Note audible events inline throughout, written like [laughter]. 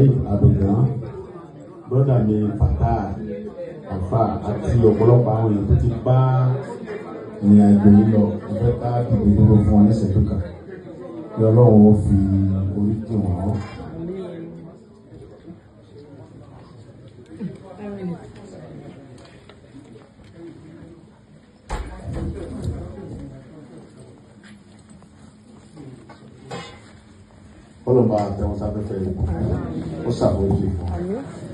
Sharif Abidjan brọ́dà mi Fata Alfa àti ọ̀pọ̀lọpọ̀ àwọn èèyàn tó ti bá ìrìn àjò yìí lọ ìfẹ́ bá dìbò dúró fún wọn ní ṣẹ́jú kan kí Ọlọ́run ó fi orí dì wọ́n. kọlọmọ àtẹwọn sáfẹfẹ rẹ ó ṣàbójì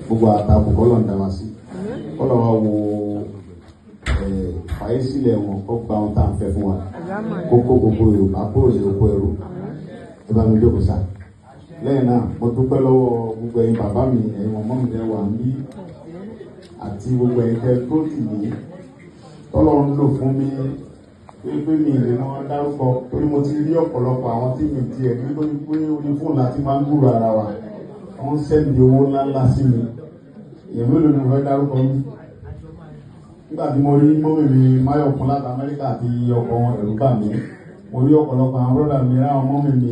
gbogbo àtàkùn kọlọmọ dáwà sí kọlọmọ wo fàyè sílẹ̀ wọn kó gba ohun tá à ń fẹ́ fún wa kó kó gbogbo yorùbá kúrò ní oko ẹrú ẹ bá mi jókòó sá lẹ́yìn náà mo dúpẹ́ lọ́wọ́ gbogbo ẹ̀yin bàbá mi ẹ̀yin mọmọ mi ẹ wà mí àti gbogbo ẹ̀yin tẹ tó tì mí tọlọ́run lò fún mi pé mi lè mọ dárúkọ torí mo ti rí ọ̀pọ̀lọpọ̀ àwọn tí mi tiẹ̀ rí lórí pé orí fóònù àti máa ń gbúrò ara wa wọ́n ń sẹ́ndì owó ńláńlá sí mi èmi ló ní mo fẹ́ dárúkọ mi nígbà tí mo rí mọ́mìmí máyọ̀kún láti amẹ́ríkà àti ọkọ̀ ẹ̀rú bà mí mo rí ọ̀pọ̀lọpọ̀ àwọn bọ́dà mi ráwọn mọ́mìmí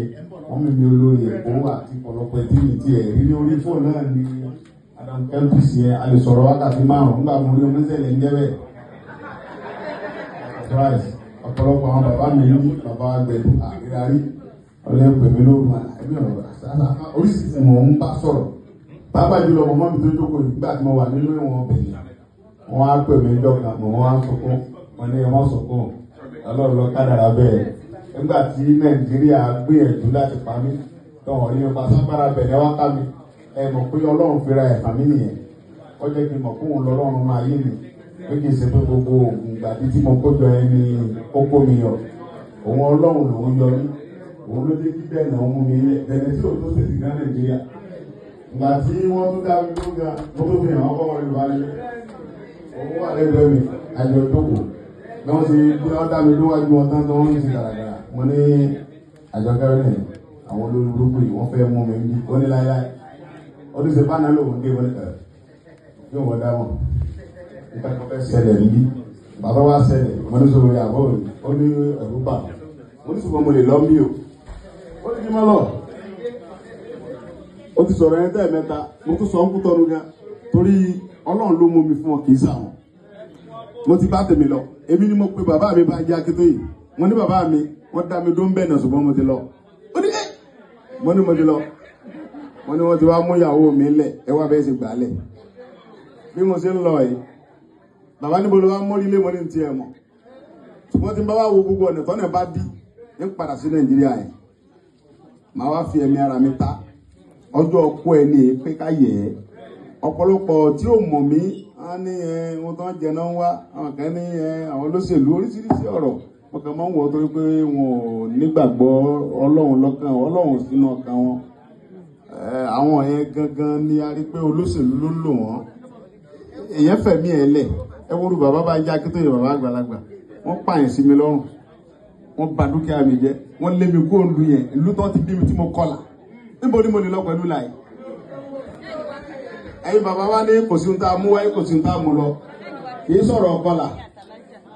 mọ́mìmí olórí èkó àti ọ̀pọ̀lọpọ̀ ẹtí mi tiẹ̀ rí lórí fóònù náà ni adam kẹ́lpìs ọ̀pọ̀lọpọ̀ àwọn bàbá mi ní bàbá gbẹ̀dù àrírarí ọlẹ́pẹ̀ mi ló ma ẹ̀mí ọ̀rọ̀ àṣàṣà oríṣiríṣi mò ń bá sọ̀rọ̀ bàbá jùlọ mo mọ́ mi tó jókòó nígbà tí mo wà nínú ìwọ̀n bẹ̀yìn wọ́n á pè mí dọ́gba mọ̀ wọ́n á sọkún wọn ní ẹ̀wọ̀n sọkún ọlọ́run lọ kádàrà bẹ́ẹ̀ nígbà tí nàìjíríà gbìyànjú láti pa mí tọ̀hún rí mi pa sápára bẹ̀rẹ̀ wá ká mi ẹ mọ̀ pé ọlọ́run fira ẹ̀fà mí nìyẹn ó jẹ́ kí n mọ̀ kóhun lọ́lọ́run máa yé mi ó kì í ṣe pé gbogbo oògùn ìgbàdí tí mo kójọ ẹ ní kókó mi yọ òun ọlọ́run lòun yọ ní òun ló dé kí bẹ́ẹ̀ náà mú mi yẹ bẹ̀rẹ̀ tí òun tó sì ti ná nàìjíríà ìgbà tí wọ́n tún dá mi tó ga mo tó fi hàn ọkọ̀ wọn lù balẹ̀ òun wà lẹ́gbẹ̀ẹ́ mi àjọ ìdókòó bí wọ́n ti bí wọ́n dá mi lówájú wọn tán tán wọ́n ti gàràgàrà mo ní àjọ kẹrin nìyẹn àwọn olórúkú yìí wọ́n fẹ́ mú mi ní oníláyà ọdún ṣe bá náà lòun dé wọlé ẹ̀ yóò wọ́n dá ìtàkùn fẹ́ ṣẹlẹ̀ níbí bàbá wa ṣẹlẹ̀ mo ní sọ̀rọ̀ ìyàwó rẹ̀ ó ní ẹ̀rú bà mo ní sọ̀rọ̀ mo lè lọ mí o ó ní kí n lọ ó ti sọ̀rọ̀ ẹ̀ tẹ́ẹ̀mẹ́ta mo tún sọ ń kú tọ́nu gan torí ọlọ́run ló mú mi fún ọ kì í sàwọn mo ti bá tèmi lọ èmi ni mo pe bàbá mi bá jẹ́ akitó yìí mo ní bàbá mi wọ́n dá mi dó ń bẹ̀ náà ṣùgbọ́n mo ti lọ ó ní ẹ́ mo ní mo ti lọ mo ní wọ́n ti wá mú ìyàwó mi lẹ̀ ẹ wá bẹ́ẹ̀ ṣe gbà á lẹ̀ bí mo ṣe ń lọ yìí bàbá níbo ló wá mọ́rí lé mọ́rí ti ẹ̀ mọ̀ ṣùgbọ́n tí n bá wá wo gbogbo ọ̀nà tọ́nà bá bí ń padà sí nàìjíríà yẹn màá wá fi ẹ̀mí ara mi ta ọjọ́ ọkọ ẹ ni pé ká yẹ ẹ́ ọ̀pọ̀lọpọ̀ tí ò mọ̀ mí á ní ẹ wọn tán jẹ náà wá àwọn kan ní ẹ àwọn olóṣèlú oríṣiríṣi ọ̀rọ̀ wọn kàn máa ń wọ̀ torí pé wọn ò nígbàgbọ́ ọlọ́run lọ́kàn ọlọ́run sínú ọkàn wọn àwọn yẹn gangan ni a rí pé olóṣèlú ló lò wọ́n èèyàn fẹ̀mí ẹ̀ lẹ̀ ẹ wọ́n rú bàbá bá jẹ́ Akíntóyè bàbá àgbàlagbà wọ́n pààyàn sí mi lọ́rùn wọ́n bà dúkìá mi jẹ́ wọ́n lé mi kó lu yẹn ìlú tó ti bí mi tí mo kọ́là níbo ni mo lè lọ pẹ̀lú láì ẹ̀yin bàbá wa ní kò sí ń ta mú wáyé kò sí ń ta mú lọ kì í sọ̀rọ̀ ọ̀kọ́là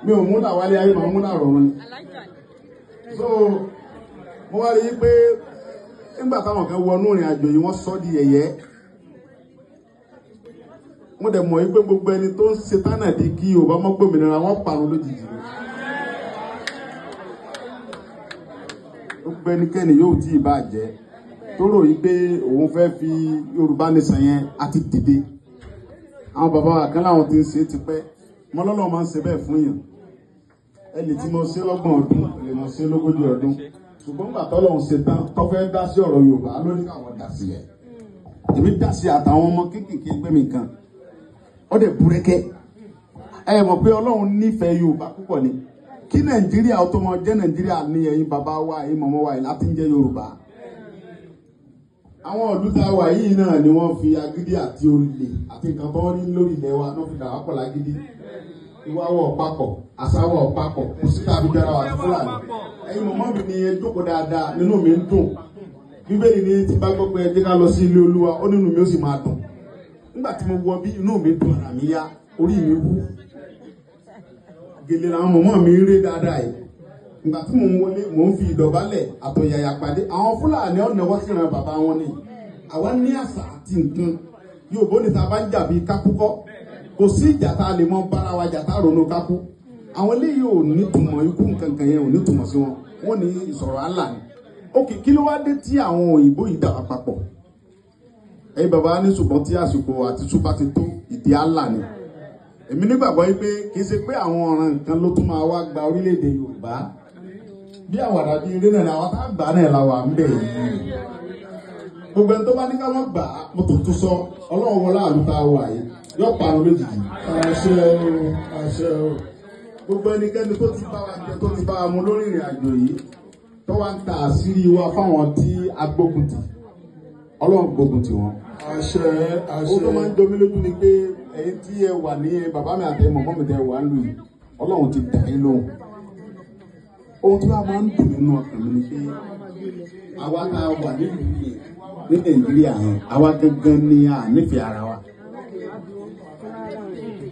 mi ò múnà wálé ayé màá múnà rọ̀ wọn. so mo wá rí i pé nígbà táwọn kan wọnú ìrìn àjò yìí wọ́n sọ́ di yẹ̀yẹ́ mo dẹ̀ mọ̀ yí pé gbogbo ẹni tó ń ṣe tánàdí kí yorùbá mọ́ gbòmìnira wọ́n parun lójijì gbogbo ẹnikẹ́ni yóò tí ì bá jẹ́ tó rò yí pé òun fẹ́ fi yorùbá nìsan yẹn àti dìde àwọn bàbá wa kan láwọn ti ń ṣe tipẹ́ mo lọ́lọ́ máa ń ṣe bẹ́ẹ̀ fún yàn ẹni tí mo ṣe lọ́gbọ̀n ọdún lè mo ṣe lógójì ọdún ṣùgbọ́n gbà tọ́lọ́hún ṣe tán tó dá sí ọ̀rọ̀ yorùbá lórí àwọn dá ẹ̀ èmi dá àtàwọn ọmọ kéékèèké gbẹ̀mí kan ọ̀dẹ̀ búrẹ́kẹ́ ẹ mọ̀ pé ọlọ́run nífẹ̀ẹ́ yorùbá púpọ̀ ni kí nàìjíríà ó tó mọ jẹ́ nàìjíríà ní ẹ̀yin bàbá wa ẹ̀yin mọ̀mọ́ wa láti ń jẹ́ yorùbá àwọn ọ̀dún tá a wà yìí náà ni wọ́n fi agídí àti olè àti nǹkan tó wọ́n ní lórí ilẹ̀ wa náà fi dà wá pọ̀ lágídí ìwáwọ̀ ọ̀pákọ̀ àsáwọ̀ ọ̀pákọ̀ kò sí tàbí dára wà fúlàní ẹ̀yin mọ̀mọ́ mi ni ẹ jókòó dáadáa nínú mi ń dùn bíbélì ni ti bá gbọ́ pé ẹ jẹ́ ká lọ sí ilé olúwa ó nínú mi ó sì máa dùn nígbà tí mo wọ bí inú mi dùn ara mi yá orí mi wú gèlè làwọn mọ̀mọ́ mi ń ré dáadáa yìí ìgbà tí mò ń wọlé mò ń fi ìdọ̀bálẹ̀ àtọ̀yàyà pàdé àwọn fúlàní ọ̀nà wọ́n sì ran bàbá wọn ni àwa ní àṣà àti nǹkan yóò bó ní ta bá ń jà bíi kákú kò sí ìjà tá a lè mọ bára wa jà tá a ronú kákú àwọn eléyìí ò ní tùmọ̀ ikú nǹkan yẹn ò ní tùmọ̀ sí wọn wọn ní ìsọ̀rọ̀ àlà ó kì kí ló wá dé tí àwọn òyìnbó yìí dà papọ̀ ẹ̀yin bàbá ní ṣùgbọ́n tí àsìkò àti ṣùgbọ́n ti tó ìdí àlà ni èmi nígbàgbọ́ yìí pé kì í ṣe pé àwọn ọ̀ràn nǹkan ló tún máa wá gba orílẹ̀-èdè Yorùbá bí àwàdà bíi eré náà làwọn tá a gbà náà làwà ń bẹ̀ yìí gbogbo ẹni tó bá ní ká wọ́n gbà á mo tuntun sọ ọlọ́run wọlé àlùkà wà yìí yóò parun lójijì. àṣẹ o àṣẹ o. gbogbo ẹnikẹ́ni tó ti bá wa jẹ tó ti bá wa mu lórí ìrìn àjò yìí tó wá ń ta àṣírí wa fáwọn tí agbógun tì ọlọ́run gbógun tì wọ́n àṣẹ àṣẹ. ó tó máa ń jọ mí lójú ni pé ẹ̀yin tí ẹ wà ní bàbá mi àti mọ̀mọ́ mi tẹ wà ń lù yìí ọlọ́run ti dà yín lóhùn. ohun tí wàá máa ń dùn nínú ọkàn mi ni pé àwa tá a wà nílùú yìí ní nàìjíríà yẹn àwa gangan ni a nífẹ̀ẹ́ ara wa.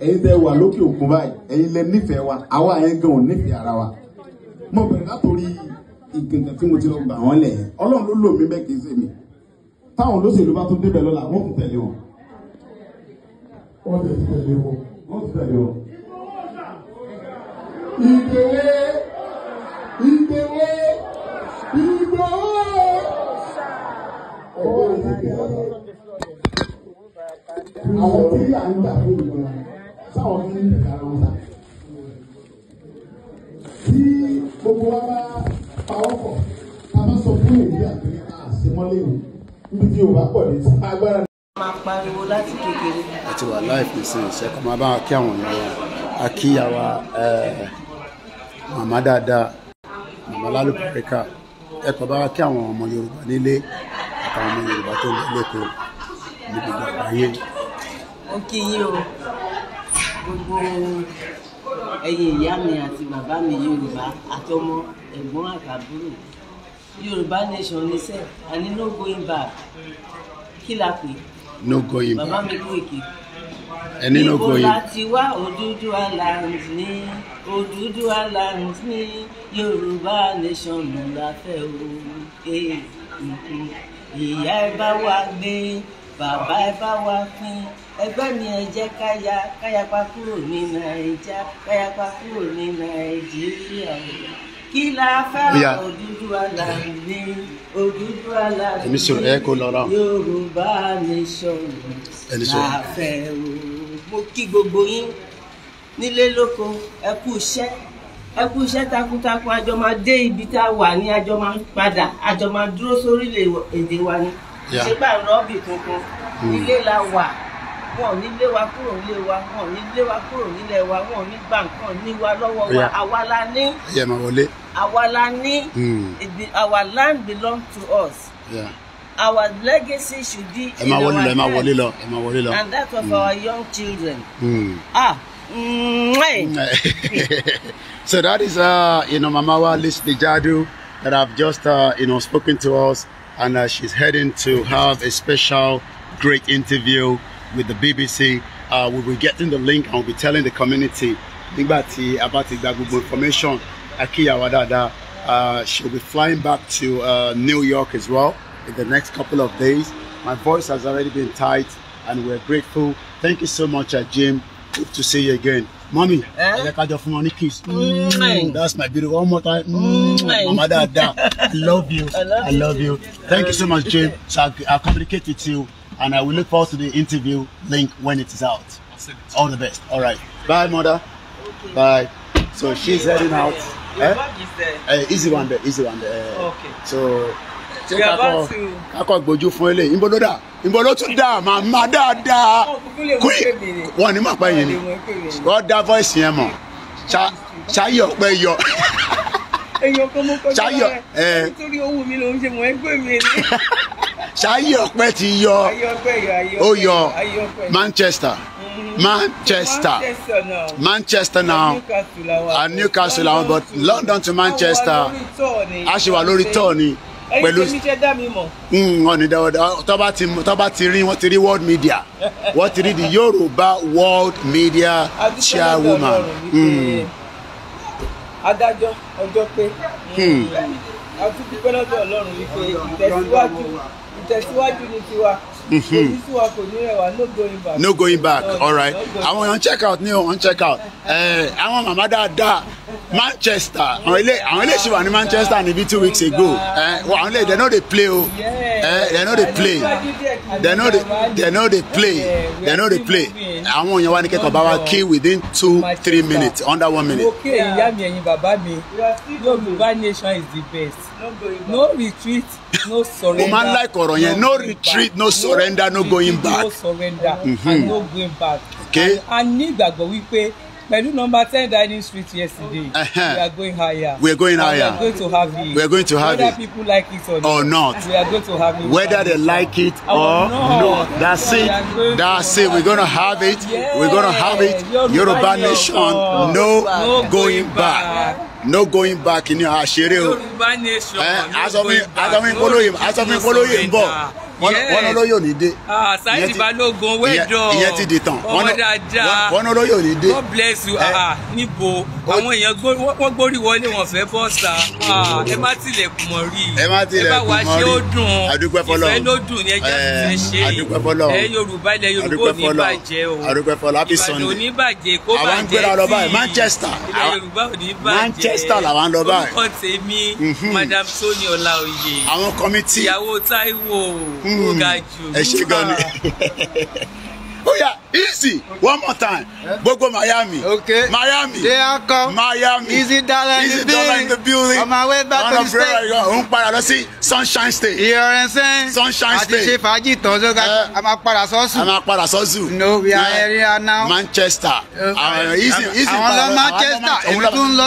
ẹ̀yin tẹ wà lókè òkun báyìí ẹ̀yin lẹ nífẹ̀ẹ́ wa àwa yẹn gan ò nífẹ̀ẹ́ ara wa. mo bẹ̀rẹ̀ látòrí ìgbìngàn tí mo ti lọ gbà wọ́n lẹ̀ yẹn ọlọ́run ló lò mí bẹ́ẹ̀ kì í ṣe mi táwọn olóṣèlú bá tún débẹ̀ lọ́la wọ́n ti tẹ̀lé wọn. wọ́n ti tẹ̀lé wọn. wọ́n ti tẹ̀lé wọn. ìgbèwé ìgbèwé ìgbòho. ọ̀gbọ́n ti tẹ̀lé wọn. àwọn tí à ń gbà fún ìgbà sáwọn tí ń kà wọn ta. tí gbogbo wa bá pawọ́ pọ̀ tá a bá sọ fún ìlú àgbẹ̀ àṣemọ́lé ìlú níbi tí yorùbá pọ̀ dé agbára. máa pariwo láti kékeré. a ti wà láìpẹ́ sí ìṣẹ́kọ̀ máa bá wa kí àwọn èèyàn wa a kí àwa eh, màmá dáadáa màmá lálùpàríkà ẹ̀kọ́ bá wa kí àwọn ọmọ yorùbá nílé àtàwọn ọmọ yorùbá tó ń lẹ́kọ̀ọ́ ní gbogbo àgbáyé. ó kí yín o gbogbo ẹ̀yin ìyá mi àti bàbá mi yorùbá àtọmọ ẹ̀gbọ́n àtàbúrò yorùbá nation ní sẹ́ àní no going back kí la pè. no going back bàbá mi kú èké. ẹni no going. ibo láti wá Odùduwà land ní Odùduwà land ní yorùbá nation ló la fẹ́ o. ìyá ẹ bá wa gbé bàbá ẹ bá wa pín ẹgbẹ́ mi ẹ jẹ́ káyà káyà pa kúrò ní nàìjíríà káyà pa kúrò ní nàìjíríà kí la fẹ́ Odùduwà là ní Odùduwà là ní Yorùbá la fẹ́ o. mo kí gbogbo yín nílé lóko ẹ kú iṣẹ́ ẹ kú iṣẹ́ takuntakun àjọ máa dé ibi tá a wà ní àjọ máa padà àjọ máa dúró sórílẹ̀ èdè wa ni ṣé bá rọ́ọ̀bì kankan hmm. ilé la wà. Yeah wọn ò ní lé wa kúrò nílé wa wọn ò ní lé wa kúrò nílé wa wọn ò ní gba nǹkan ní wa lọ́wọ́ wa àwa la ní àwa la ní hmm. our land belong to us. Yeah our legacy should be in our hands. ẹ máa wọlé lọ ẹ máa wọlé lọ. and that of mm. our hmm. young children. Mm. ah. [laughs] so that is uh, you know Mamawa Lisli Jadu that I've just uh, you know spoken to us and uh, she's heading to have a special great interview with the BBC. Uh, we will be getting the link and we'll be telling the community about the a information Akia dáadáa uh, she'll be flying back to uh, New York as well in the next couple of days. My voice has already been tight and we're grateful. Thank you so much, uh, Jim. Good to see you again. Mommy, eh? I like your money, kiss. Mm, That's my beautiful. One more time. Mm. Mama, dad, dad. [laughs] I love you. I love, I love you. you. Thank you so much, Jim. So I'll, I'll communicate with you and I will look forward to the interview link when it is out. All the best. All right. Bye, mother. Okay. Bye. So she's heading out. Your eh? bag is there. Uh, easy one there. Easy one there. Eh. okay. So. ṣé kakọ kakọ gbójú fún eléyìí nbọ ló dà nbọ ló tún Ma da da. quick wọn ni màpá yẹn ni wọn dá voice yẹn mọ ṣayọ pé yọ ṣayọ ẹ nítorí owó mi ló ń ṣe mọ ẹgbẹ mi ni. [laughs] ṣáyé ọpẹ́ ti yọ ó yọ Manchester mm-hmm. Manchester Manchester now and Newcastle now but London to Manchester a ṣe wà lórí tọ́ọ̀ ni pẹ̀lú ọ̀nì mm, tó bá ti rí wọ́n ti rí world media wọ́n ti rí the Yorùbá world media chairwoman. Mm. adájọ́ ọjọ́ pé hmm. mm. a tún dúpẹ́ lọ́dọ̀ Ọlọ́run wípé ìtẹ̀síwájú ìtẹ̀síwájú ni tiwa. Mhm. No going back. No going back. All right. Àwọn èèyàn check out ni o, wọ́n check out. Eh, àwọn màmá dáadáa manchester àwọn ilé àwọn ilé ṣì wà ní manchester níbi two weeks ago àwọn ilé they no dey play o they no dey play they no dey they no dey play they no dey play àwọn èèyàn wa ní kẹ́kọ̀ọ́ bá wa kí within two three minutes under one minute. òkè ìyá mi ẹ̀yin bàbá mi yorùbá nation is the best no retreat no surrender. mo máa ń like ọ̀rọ̀ yẹn no retreat no surrender no going back. no surrender mhm. and no going back. okay. a ní ìgbàgbọ́ wípé Pẹ̀lú number ten dining street yesterday. Uh -huh. We are going higher. We are going higher. We are going to have it. We are going to have Whether it. Whether people like it or, or not. We are going to have it. Whether they like it or not. not. That's it. That's it. We're going to have it. Yeah. We're going to have it. Yoruba Nation, no, no going back. back no going back ni àṣeré o. Yorùbá Nation eh, no going back. asọfin polóyè ń bọ̀ wọn olóyè ò ní dé. Ah, Saheed Balogun wẹ́ẹ̀dọ̀ ìyẹn ti di tán ọmọ dáadáa wọn olóyè ò ní dé. God bless you eh. ah, níbo àwọn èèyàn wọ́n gbórí wọlé wọn fẹ́ bọ́ sa ah, ẹ má tilẹ̀kùn mọ́ rí i ẹ má tilẹ̀kùn mọ́ rí i ẹ bá wa ṣe ó dùn ìfẹ́ ló dùn ní ẹja ti ṣe é ẹ eh, Yorùbá ilẹ̀ Yorùbá ò ní bàjẹ́ o Ìbàdàn ò ní bàjẹ́ kó bàjẹ́ tí ilẹ̀ Yorùbá ò ní bàjẹ́ orúkọ tèmi mhm. Madam Tony Ọláoyè ìyàwó Táíwò ó ga jù. ẹ ṣe gan ni [laughs] easy one more time gbogbo miami okay. miami miami easy dollar in the building in the building on my way back to the state òun padà lọ sí sunshine state ìyọrin sẹ́yìn sunshine state àti ṣe fàájì tọ́jú ká eh. a máa padà sọ́ọ̀sù a máa padà sọ́ọ̀sù no we are area now manchester eh. Ah, eh, easy easy àwọn lọ manchester òun tún lọ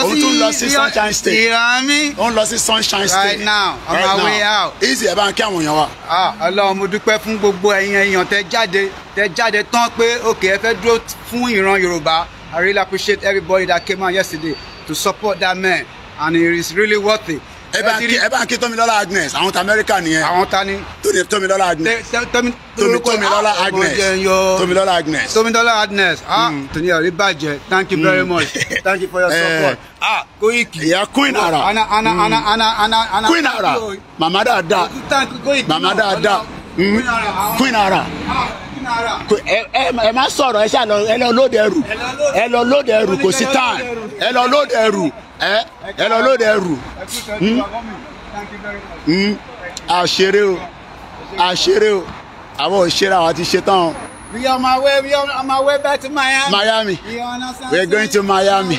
sí sunshine state ìran mi òun lọ sí sunshine state right now on my way out easy ẹ bá ń kí àwọn èèyàn wa. Ah, ọlọ́run mo dúpẹ́ fún gbogbo ẹ̀yin èèyàn tẹ jáde tẹ jáde tán pé okay ẹ fẹ́ dúró fún ìran Yorùbá I really appreciate everybody that came out yesterday to support that man and he is really worth it. ẹ bá ń kí ẹ bá ń kí Tómilọ́lá Agnes àwọn ta Amẹ́ríkà nìyẹn. àwọn ta ni. tóni Tómilọ́lá Agnes. Tómilọ́lá Agnes Tómilọ́lá Agnes. Tómilọ́lá Agnes ah mm. tòní ọ̀rí bàjẹ́ thank you very mm. much thank you for your [laughs] eh. support. ah Koiki. ìyá queen ara. ana ana ana mm. ana ana ana. queen ara mama dáadáa mama dáadáa queen ara. Ah ẹ má sọ̀rọ̀ ẹ ṣáà lọ ẹ lọ lóde ẹrù ẹ lọ lóde ẹrù kò sí tán ẹ lọ lóde ẹrù ẹ ẹ lọ lóde ẹrù àṣeré hmm? hmm? o àṣeré o àwọn òṣèré àwọn ti ṣe tán o. we are on our way we are on our way back to Miami. Miami we are going to Miami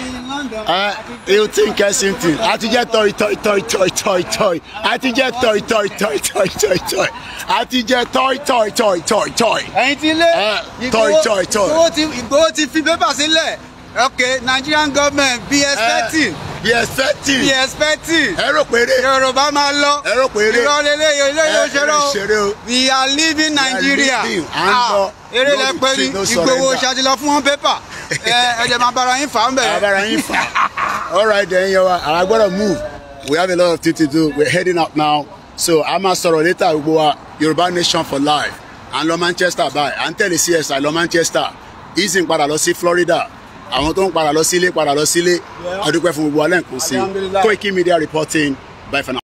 hilton kensington a ti jẹ tọyì tọyì tọyì tọyì tọyì tọyì a ti jẹ tọyì tọyì tọyì tọyì tọyì tọyì a ti jẹ tọyì tọyì tọyì tọyì tọyì. ẹyin ti lé ìgbowó ti ìgbowó ti fi pépà sílẹ̀ okay nigerian government be expecting. be expecting. be expecting. ẹ rò péré. yorùbá máa lọ. ẹ rò péré. irọ́ lélẹ̀ eléyìí òṣèré o. we are living nigeria. we are leaving and lọ. eré lẹ́pẹ́ ni ìgbowó ṣàtìlọ fún wọn pépà. Eh, ẹ jẹ máa bára yín fà ń bẹ. bára yín fà all right then yẹn wa I gotta move we have a lot of things to do we're heading up now so a máa sọ̀rọ̀ later gbogbo wa Yorùbá nation for life And lo lọ Manchester báyìí à ń tẹ̀lé CSI Lo Manchester easy ń padà lọ sí Florida àwọn tó ń padà lọ sílé padà lọ sílé adúpẹ́ fún gbogbo alẹ́ nǹkan sí Koiki Media reporting bye for now.